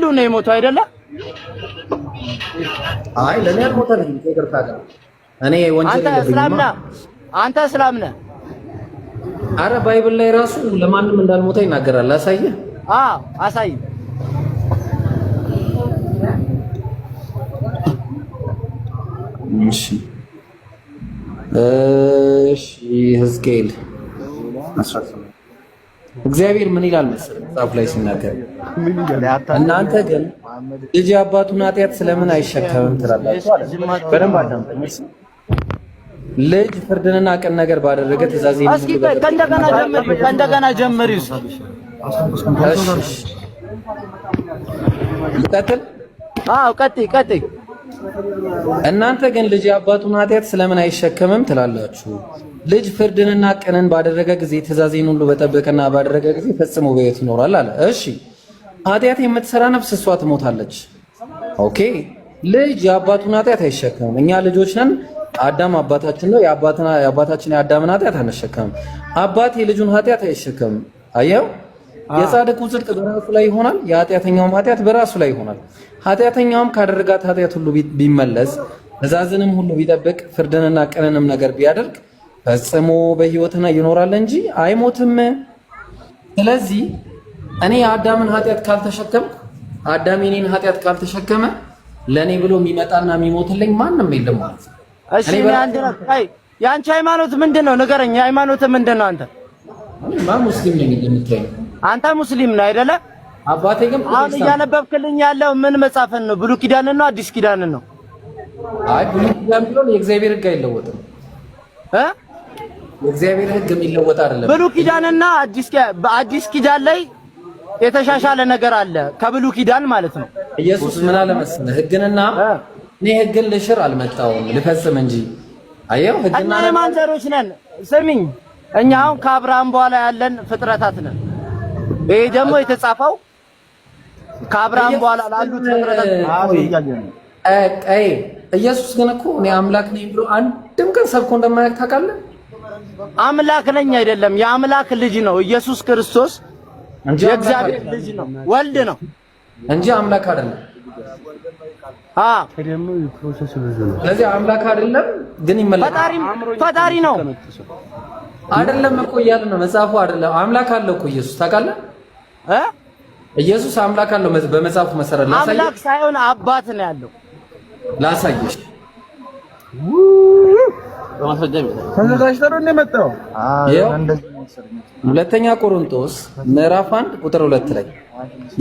ሁሉ ነው የሞተው አይደለ? አይ ለኔ አልሞተልኝ። ይቅርታ ጋር እኔ ወንጀል አንተ እስላም ነህ? አንተ እስላም ነህ። አረ ባይብል ላይ ራሱ ለማንም እንዳልሞተ ይናገራል። አሳየህ? አዎ አሳይ። እሺ እሺ ሕዝቅኤል እግዚአብሔር ምን ይላል መሰለህ መጽሐፍ ላይ ሲናገር እናንተ ግን ልጅ አባቱን ኃጢአት ስለምን አይሸከምም ትላላችሁ? በደንብ አዳምጠኝ። ልጅ ፍርድንና ቅን ነገር ባደረገ ትእዛዝ ከእንደገና ጀመሪ ይቀጥል። አዎ ቀጥይ ቀጥይ። እናንተ ግን ልጅ አባቱን ኃጢአት ስለምን አይሸከምም ትላላችሁ? ልጅ ፍርድንና ቅንን ባደረገ ጊዜ ትእዛዜን ሁሉ በጠበቀና ባደረገ ጊዜ ፈጽሞ በሕይወት ይኖራል አለ። እሺ ኃጢአት የምትሰራ ነፍስ እሷ ትሞታለች። ኦኬ ልጅ የአባቱን ኃጢአት አይሸከምም። እኛ ልጆች ነን። አዳም አባታችን ነው። የአባታችን የአዳምን ኃጢአት አንሸከምም። አባት የልጁን ኃጢአት አይሸከምም። አየው፣ የጻድቁ ጽድቅ በራሱ ላይ ይሆናል፣ የኃጢአተኛውም ኃጢአት በራሱ ላይ ይሆናል። ኃጢአተኛውም ካደረጋት ኃጢአት ሁሉ ቢመለስ፣ ትእዛዝንም ሁሉ ቢጠብቅ፣ ፍርድንና ቅንንም ነገር ቢያደርግ ፈጽሞ በሕይወትና ይኖራል እንጂ አይሞትም። ስለዚህ እኔ የአዳምን ኃጢአት ካልተሸከምኩ አዳም የኔን ኃጢአት ካልተሸከመ ለእኔ ብሎ የሚመጣና የሚሞትልኝ ማንም የለም ማለት ነው። እሺ የአንቺ ሃይማኖት ምንድን ነው? ንገረኝ። ሃይማኖት ምንድን ነው? አንተ ማ ሙስሊም ነኝ እንደምትለኝ አንተ ሙስሊም ነህ አይደለ? አባቴ ግን አሁን እያነበብክልኝ ያለው ምን መጽሐፍን ነው? ብሉይ ኪዳንን ነው? አዲስ ኪዳንን ነው? አይ ብሉይ ኪዳን ቢሆን የእግዚአብሔር ሕግ አይለወጥም እ የእግዚአብሔር ሕግ የሚለወጥ አይደለም። ብሉይ ኪዳንና አዲስ አዲስ ኪዳን ላይ የተሻሻለ ነገር አለ ከብሉ ኪዳን ማለት ነው። ኢየሱስ ምን አለ መሰለህ? ህግንና እኔ ህግን ልሽር አልመጣሁም ልፈጽም እንጂ። አየው ህግና የማን ዘሮች ነን? ስሚኝ፣ እኛ አሁን ከአብርሃም በኋላ ያለን ፍጥረታት ነን። ይሄ ደግሞ የተጻፈው ከአብርሃም በኋላ ላሉት ፍጥረታት አይ ኢየሱስ ግን እኮ እኔ አምላክ ነኝ ብሎ አንድም ቀን ሰብኮ እንደማያውቅ ታውቃለህ። አምላክ ነኝ አይደለም፣ የአምላክ ልጅ ነው ኢየሱስ ክርስቶስ እንጂ የእግዚአብሔር ልጅ ነው፣ ወልድ ነው እንጂ አምላክ አይደለም። ስለዚህ አምላክ አይደለም፣ ግን ይመለካል። ፈጣሪ ነው አይደለም እኮ እያለ ነው መጽሐፉ። አይደለም አምላክ አለው እኮ ኢየሱስ ታውቃለህ ኢየሱስ አምላክ አለው በመጽሐፉ መሰረት ላሳየሽ። አምላክ ሳይሆን አባት ነው ያለው ላሳየሽ ሁለተኛ ቆሮንቶስ ምዕራፍ 1 ቁጥር 2 ላይ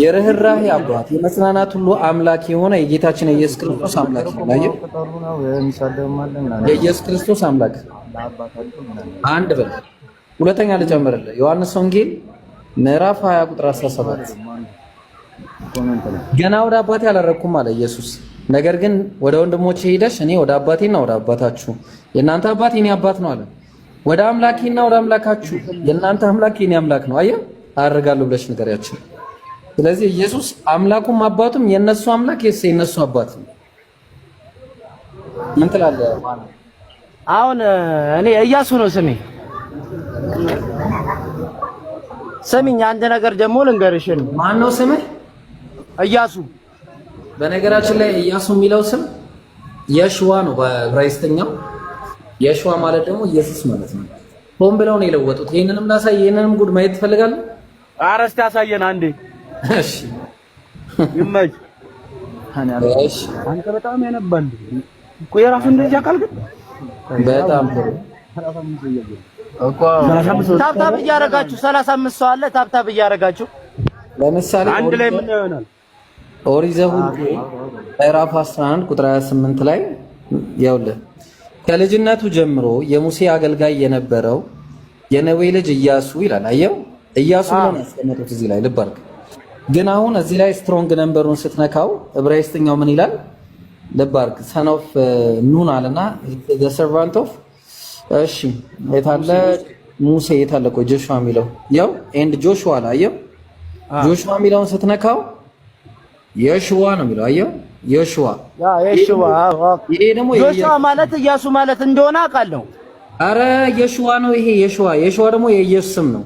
የርህራሄ አባት የመጽናናት ሁሉ አምላክ የሆነ የጌታችን የኢየሱስ ክርስቶስ አምላክ ነው። የኢየሱስ ክርስቶስ አምላክ አንድ በል። ሁለተኛ ልጨምርልህ፣ ዮሐንስ ወንጌል ምዕራፍ 20 ቁጥር 17 ገና ወደ አባቴ አላረኩም አለ ኢየሱስ። ነገር ግን ወደ ወንድሞቼ ሄደሽ እኔ ወደ አባቴና ወደ አባታችሁ የእናንተ አባት የኔ አባት ነው አለ ወደ አምላኬና ወደ አምላካችሁ የእናንተ አምላክ የኔ አምላክ ነው። አየ አደርጋለሁ ብለሽ ንገሪያቸው። ስለዚህ ኢየሱስ አምላኩም አባቱም የነሱ አምላክ የስ የነሱ አባት ነው። ምን ትላለህ? አሁን እኔ እያሱ ነው። ስሚ ስሚኝ፣ አንድ ነገር ደግሞ ልንገርሽ። ማን ነው ስምህ? እያሱ። በነገራችን ላይ እያሱ የሚለው ስም የሽዋ ነው በዕብራይስጥኛው የሸዋ ማለት ደግሞ ኢየሱስ ማለት ነው። ሆን ብለው ነው የለወጡት። ይሄንንም ላሳይ፣ ይሄንንም ጉድ ማየት ትፈልጋለህ? ኧረ እስኪ አሳየን አንዴ። እሺ ይመች። አንተ በጣም ያነባል እኮ የራሱን ደረጃ ቃል ግን በጣም ታብታብ እያደረጋችሁ ሰላሳ አምስት ሰው አለ። ታብታብ እያደረጋችሁ ለምሳሌ አንድ ላይ ምን ይሆናል? ኦሪት ዘኍልቍ ምዕራፍ 11 ቁጥር 28 ላይ ያውልህ ከልጅነቱ ጀምሮ የሙሴ አገልጋይ የነበረው የነዌ ልጅ እያሱ ይላል። አየው እያሱ ነው ያስቀመጡት እዚህ ላይ ልብ አድርግ። ግን አሁን እዚህ ላይ ስትሮንግ ነምበሩን ስትነካው ዕብራይስጥኛው ምን ይላል? ልብ አድርግ። ሰን ኦፍ ኑን አለና ዘ ሰርቫንት ኦፍ እሺ፣ የታለ ሙሴ የታለ? ቆይ ጆሹዋ የሚለው ያው ኤንድ ጆሹዋ ላይ አየው። ጆሹዋ የሚለውን ስትነካው የሽዋ ነው የሚለው አየው ዮሹዋ ያ ዮሹዋ ይሄ ደግሞ ዮሹዋ ማለት ኢያሱ ማለት እንደሆነ አውቃለሁ። አረ ዮሹዋ ነው ይሄ ዮሹዋ። ዮሹዋ ደግሞ የኢየሱስ ስም ነው።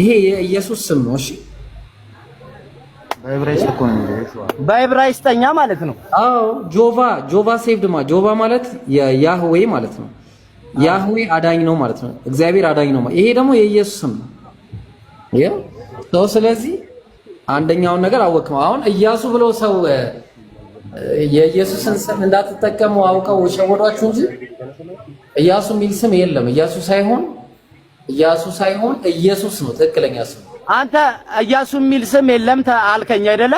ይሄ የኢየሱስ ስም ነው። እሺ በዕብራይስጥኛ ማለት ነው። አዎ ጆቫ ጆቫ ሴቭድ ማ ጆቫ ማለት ያህዌ ማለት ነው። ያህዌ አዳኝ ነው ማለት ነው። እግዚአብሔር አዳኝ ነው። ይሄ ደግሞ የኢየሱስ ስም ነው። ሰው ስለዚህ አንደኛውን ነገር አወቅም። አሁን እያሱ ብለው ሰው የኢየሱስን ስም እንዳትጠቀሙ አውቀው ሸወዷችሁ እንጂ እያሱ የሚል ስም የለም። እያሱ ሳይሆን እያሱ ሳይሆን ኢየሱስ ነው ትክክለኛ ስም። አንተ እያሱ የሚል ስም የለም አልከኝ አይደለ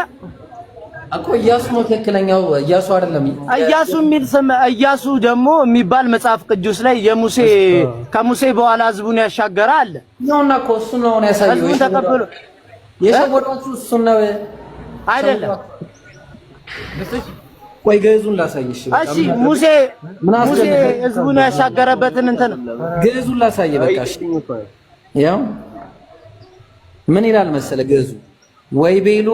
እኮ? እያሱ ነው ትክክለኛው። እያሱ አይደለም እያሱ የሚል ስም። እያሱ ደግሞ የሚባል መጽሐፍ ቅዱስ ላይ የሙሴ ከሙሴ በኋላ ህዝቡን ያሻገረ አለ ነውና እኮ እሱ ነው ያሳየው። የሸወዷችሁ እሱ ነው አይደለም ቆይ ገዙን ላሳይሽ። እሺ ሙሴ ሙሴ ህዝቡን ያሻገረበትን እንትን ገዙን ላሳይ። በቃ ያው ምን ይላል መሰለ ገዙ ወይ ቤሎ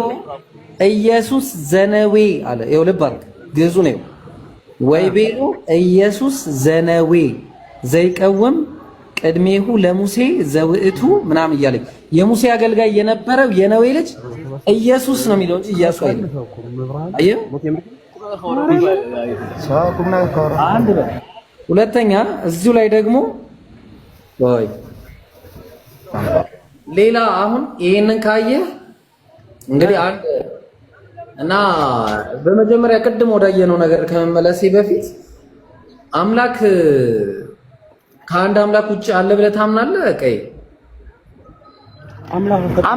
ኢየሱስ ዘነዌ አለ። ያው ልብ አድርግ ገዙ ነው ወይ ቤሎ ኢየሱስ ዘነዌ ዘይቀውም ቅድሜሁ ለሙሴ ዘውእቱ ምናምን እያለኝ የሙሴ አገልጋይ የነበረው የነዌ ልጅ ኢየሱስ ነው የሚለው እንጂ ኢያሱ አይደለም። አየህ፣ አንድ ነው። ሁለተኛ እዚሁ ላይ ደግሞ ወይ ሌላ አሁን ይሄንን ካየ እንግዲህ አንድ እና በመጀመሪያ ቅድም ወዳየነው ነገር ከመመለሴ በፊት አምላክ ከአንድ አምላክ ውጭ አለ ብለህ ታምናለህ? ቀይ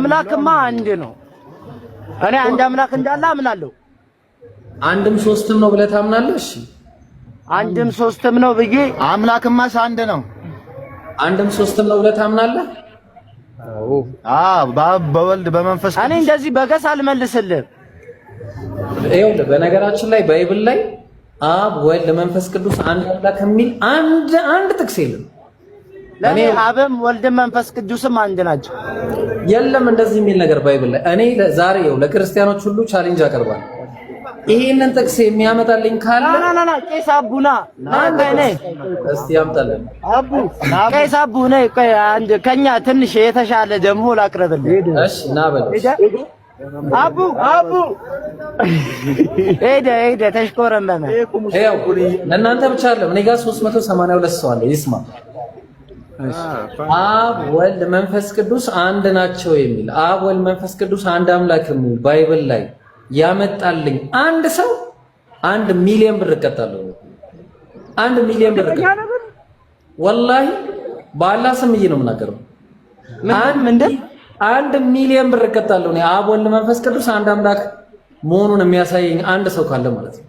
አምላክማ አንድ ነው። እኔ አንድ አምላክ እንዳለ አምናለሁ። አንድም ሶስትም ነው ብለህ ታምናለህ? እሺ አንድም ሶስትም ነው ብዬ አምላክማስ አንድ ነው። አንድም ሶስትም ነው ብለህ ታምናለህ? አዎ በአብ በወልድ በመንፈስ እኔ እንደዚህ በገስ አልመልስልህም። ይኸውልህ በነገራችን ላይ በይብል ላይ አብ ወልድ መንፈስ ቅዱስ አንድ አምላክ የሚል አንድ አንድ ጥቅስ የለም። ለኔ አብም ወልድም መንፈስ ቅዱስም አንድ ናቸው። የለም እንደዚህ የሚል ነገር ባይብል ላይ እኔ ዛሬ ይኸው ለክርስቲያኖች ሁሉ ቻሌንጅ አቀርባለሁ። ይሄንን ጥቅስ የሚያመጣልኝ ካለ ና ና ና ቄስ አቡና ናኔ እስቲ ያምጣልን። አቡ ቄስ አቡ ነይ አንድ ከኛ ትንሽ የተሻለ ደግሞ ላቅርብልህ። እሺ ና በል አቡ አቡ ሄደ ሄደ ተሽኮረመመ። ይኸው ለእናንተ ብቻ አይደለም እኔ ጋር 382 ሰው አለ ይስማ አብ ወልድ መንፈስ ቅዱስ አንድ ናቸው የሚል አብ ወልድ መንፈስ ቅዱስ አንድ አምላክ የሚል ባይብል ላይ ያመጣልኝ አንድ ሰው አንድ ሚሊዮን ብር እቀጣለሁ። አንድ ሚሊዮን ብር ወላሂ በአላህ ስም ነው የምናገረው። አንድ ሚሊዮን ብር እቀጣለሁ። አብ ወልድ መንፈስ ቅዱስ አንድ አምላክ መሆኑን የሚያሳየኝ አንድ ሰው ካለ ማለት ነው።